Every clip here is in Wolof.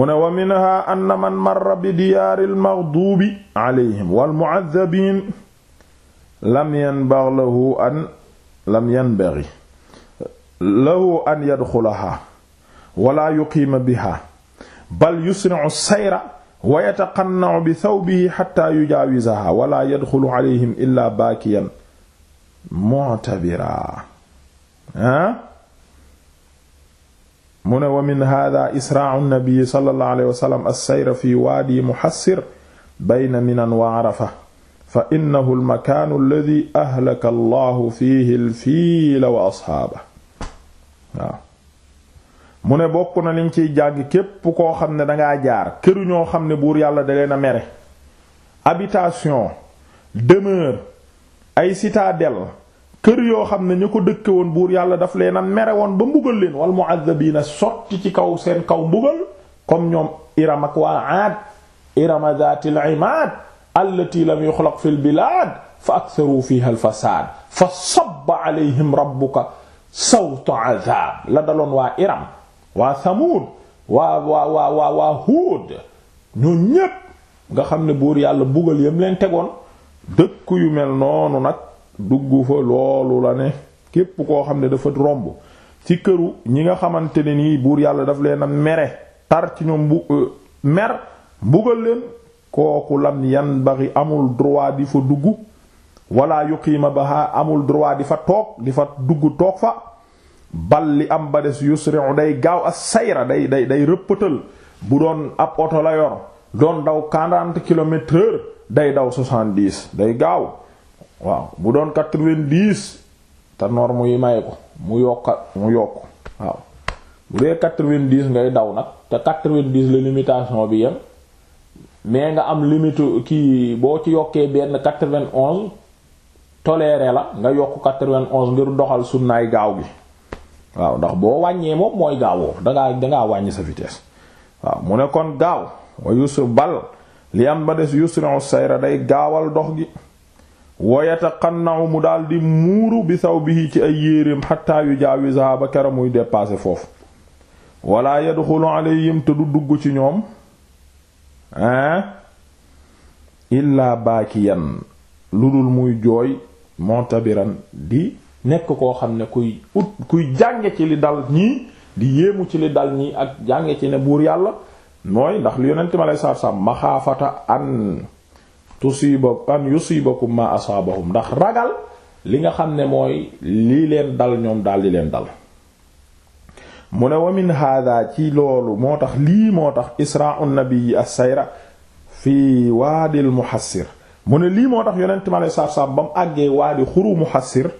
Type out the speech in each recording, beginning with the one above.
mu ne wa minha anna man marra bi diyaari almaghdubi alayhim walmu'adhabiin lam yanbaghi lahu an lam yanbaghi lahu an yadxulahaa wala yuqiima bihaa bal yusri'u sayra wa yataqanna'u bi thawbihi hattaa yujaawizahaa wala yadxulu alayhim illaa baakiyan mu'tabiraa mu ne wa min hada israau nnabii sallallahu alayhi wa sallam alseyra fi waadi muhassir bayna minan wa arafa fa innahu almakaanu alladi ahlaka allahu fihi alfiila wa asxaaba waaw mu ne bokk na liñ ciy jàng képp koo xam ne dangaa jaar këru ñoo xam ne buur yàlla da leen a mere habitation demeure ay citadelle kër yoo xam ne ñu ko dëkke woon buur yàlla daf leen a mere woon ba mbugal leen wal mu'azzabina sotti ci kaw seen kaw mbugal comme ñoom iram ak waa aad irama zaatil imaad allati lam yuxlaq fil bilaad fa aktharu fiha al fasaad fa sabba alayhim rabbuka sawta azaab la daloon waa iram waa samuud waa waa waa waa waa huud ñoo ñépp nga xam ne buur yàlla mbugal yam leen tegoon dëkk yu mel noonu nag dugg fa loolu la ne képp koo xam ne dafa romb ci këru ñi nga xamante ne nii buur yàlla daf leen a mere tar ci ñoom bu euh, mer mbugal leen kooku lam yan baxi amul droit di fa dugg wala yuqiima baha amul droit di fa toog di fa dugg toog fa bal li am ba des yusri'u day gaaw a sayra day day day rëppatal bu doon ab oto la yor doon daw 40 day daw 70 day gaaw waaw bu doon quatre-vingt-dix te norme yi may ko mu yokka mu yokk waaw bu dee quatre-vingt-dix ngay daw nag te quatre-vingt-dix limitation bi yem mais nga am limite kii boo ci yokkee benn quatre-vingt-onze toléré la nga yokk quatre-vingt-onze ngir doxal sunnaay gaaw gi waaw ndax boo wàññee moom mooy gaawoo dangaa dangaa wàññi sa vitesse waaw mu ne kon gaaw wa yusuf bal li am ba des yusri'u sayra day gaawal dox gi wa yataqanna'u mu daal di muuru bi saw bi ci ay yéreem xataayu yujaawizaha ba kera muy dépasser foofu wala yadxulu alayhim te du dugg ci ñoom hein illaa baakiyan lu dul muy jooy montabiran di nekk koo xam ne kuy ut kuy jànge ci li dal ñii di yéemu ci li dal ñii ak jànge ci ne buur yàlla mooy ndax lu yonent ma lay saar saam maxaafata an tusiba an yusibakum ma asaabahum ndax ragal li nga xam ne mooy lii leen dal ñoom daal di leen dal mu ne wa min ci loolu moo tax lii moo tax isra'u nabii as-sayra fii waadil muhassir mu ne lii moo tax yonent mi alei satu salaam ba mu àggee waadi xuru muhassir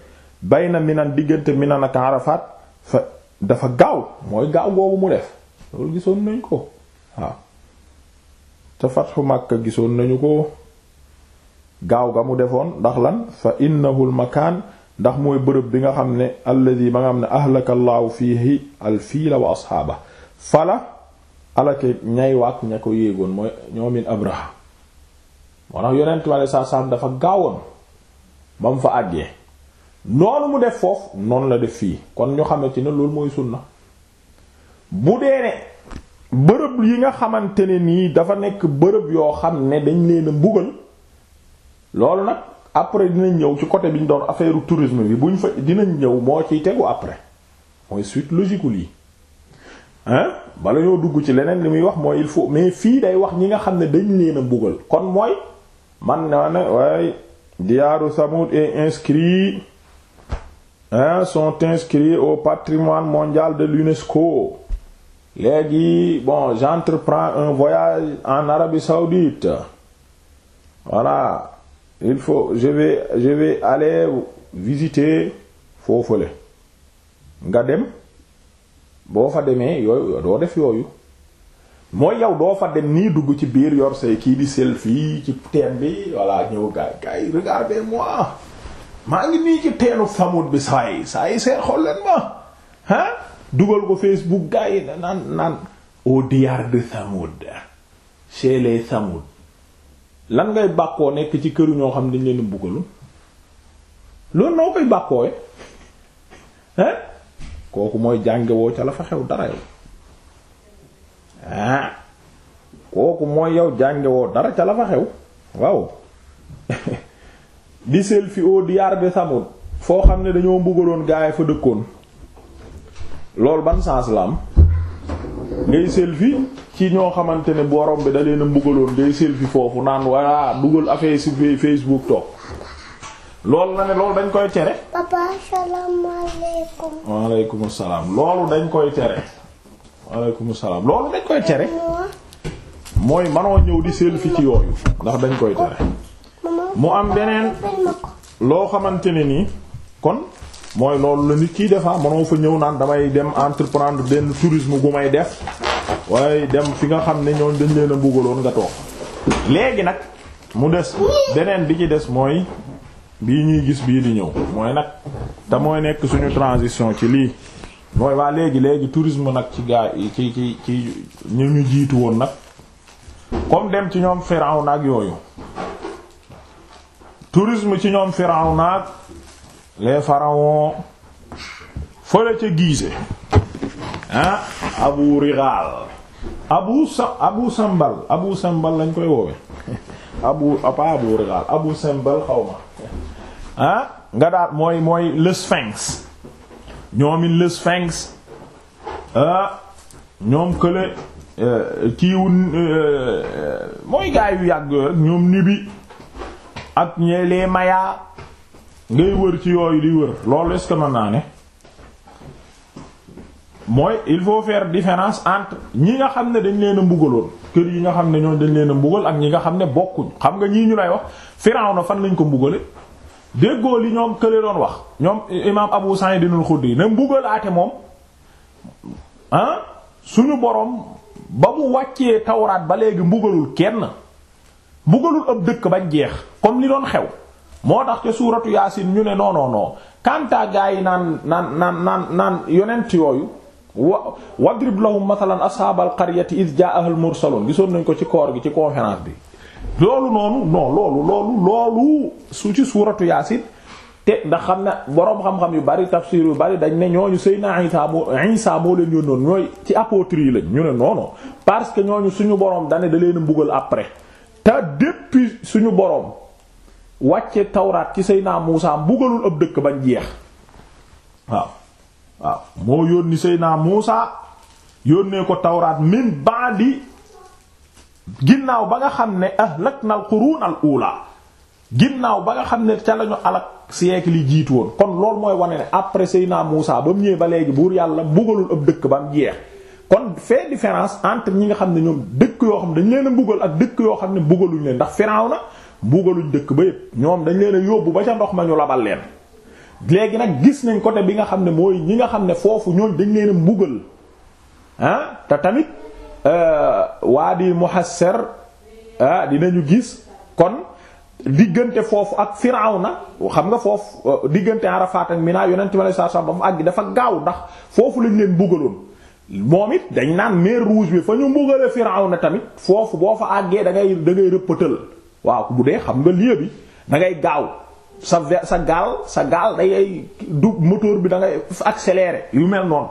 bayna minan diggante minan ak Arafat fa dafa gaaw mooy gaaw googu mu def loolu gisoon nañ ko waaw te fatxu Makka gisoon nañu ko gaaw ga mu defoon ndax lan fa innahu l makaan ndax mooy bërëb bi nga xam ne alladi ba nga xam ne ahlaka llaahu fiihi al fiila wa asxaaba fala alake ñay waak ña ko yéegoon mooy ñoomin abraha moo tax yonent mi dafa gaawoon ba mu fa àggee noonu mu def foofu noonu la def fii kon ñu xamante ne loolu mooy sunna bu dee ne bërëb yi nga xamante ne nii dafa nekk bërëb yoo xam ne dañ leen a mbugal loolu nag après dinañ ñëw ci côté bi ñu doon affaire tourisme bi buñ fa dinañ ñëw moo ciy tegu après mooy suite logique lii hein bala ñoo dugg ci leneen li muy wax mooy il faut mais fii day wax ñi nga xam ne dañ leen a mbugal kon mooy man naa ne waaye Diyaaru Samud est inscrit hein sont inscrits au patrimoine mondial de l'UNESCO léegi bon gentre j'entreprends un voyage en Arabie Saoudite voilà il faut je vais je vais aller visiter foofule nga dem boo fa demee yooyu doo def yooyu mooy yow doo fa dem nii dugg ci biir yor say kii di selfie ci teen bi voilà ñëw gaay gaay regardez-moi maa ngi nii ci teenu Samud bi saa yi saa yi leen ma ah dugal ko Facebook gaay yi naan naan au diar de Samud chez les lan ngay bàkkoo nekk ci këru ñoo xam dañ leen buggalu loolu noo koy bàkkoo hein kooku mooy jàngewoo ca la fa xew dara yow ah, kooku mooy yow jàngewoo dara ca la fa xew waaw di selfie au diyaar de Samud foo xam ne dañoo mbugaloon gaay fa dëkkoon loolu ban sens la am ngay selfie ci ñoo xamante ne borom bi da na a mbugaloon day selfie foofu naan waa dugal affaire si Facebook toog loolu la ne loolu dañ koy tere. papa salaam loolu dañ koy tere. waaleykum salaam loolu dañ koy tere. mooy manoo ñëw di selfie ci yooyu ndax dañ koy tere. mu am beneen loo xamante ne nii kon mooy loolu la nit kiy defar ah, manoo fa ñëw naan damay dem entreprendre benn tourisme bu may def. waaye dem fi nga xam ne ñoom dañ leen a mbugaloon nga toog léegi nag mu des beneen bi ci des mooy bi ñuy gis bii di ñëw mooy nag te mooy nekk suñu transition ci lii mooy waa léegi léegi tourisme nag ci gaa yi ci ci ci ñu ñu jiitu woon nag comme dem ci ñoom Firawna nag yooyu tourisme ci ñoom Firawna ak les pharaons fële ca Gizeh ah Abu Rigal abu sa abu sambal abu sambal lañ koy woowe abu apa ah, abu rigal abu sambal xaw ma ah, nga daal mooy mooy le sphinx ñoomin le sphinx ah, ñoom kële eh, kiiwu eh, mooy gaay yàgg rek ñoom nibi ak ñelee maya ngay wër ci yooyu di wër loolu est-ce que mooy il faut faire différence entre ñi nga xam ne dañ leen a mbugaloon kër yi nga xam ne ñoo dañ leen a mbugal ak ñi nga xam ne bokkuñ xam nga ñii ñu lay wax Firawna fan lañ ko mbugale déggoo li ñoom kële doon wax ñoom imaam Abu Sa'id al-Khudri ne mbugalaate moom ah suñu borom ba mu wàccee tawraat ba léegi mbugalul kenn mbugalul ab dëkk ba jeex comme li doon xew moo tax ca suuratu yaasin ñu ne non non non kanta gaa yi naan naan naan naan naan yonent yooyu. wa wadrib lahum mathalan ashaabal qaryati iz jaa'aha al mursalun gisoon nañ ko ci koor gi ci conférence bi loolu noonu non loolu loolu loolu su ci suuratu yaasin te ndax xam ne boroom xam-xam yu bari tafsir yu bari dañ ne ñooñu Seydina Isa moo Isa moo leen yónnoon ñooy ci apôtres yi lañ ñu ne non parce que ñooñu suñu boroom dane da leen mbugal après te depuis suñu boroom wàcce tawraat ci Seydina Muusa mbugalul ab dëkk bañ jeex waaw waaw moo yónni Seydina Muusa yónnee ko tawraat min ba'di ginnaaw ba nga xam ne ahlakna al na al ula ginnaaw ba nga xam ne ca lañu alak siècle yi jiitu woon kon loolu mooy wane ne après Seydina Muusa ba mu ñëwee ba léegi buur yàlla mbugalul ab dëkk ba mu jeex kon fait différence entre ñi nga xam ne ñoom dëkk yoo xam ne dañ leen a mbugal ak dëkk yoo xam ne mbugaluñ leen ndax Firawna mbugaluñ dëkk ba yépp ñoom dañ leen yóbbu ba ca ndox ma ñu labal leen léegi nag gis nañ côté bi nga xam ne mooy ñi nga xam ne foofu ñooñ dañ leen a mbugal ah te tamit euh, waadi muhassar ah, dina ñu gis kon diggante foofu ak Firawna xam nga foofu euh, diggante Arafat ak Mina yonent ma lay saa saa ba mu àgg dafa gaaw ndax foofu lañ leen mbugaloon moom it dañ naan mer rouge bi fa ñu mbugale Firawna tamit foofu boo fa àggee da ngay da ngay rëppatal bu dee xam nga lieu bi da gaaw. sa sa gaal sa gaal day ay du moteur bi da ngay accélérer yu mel noon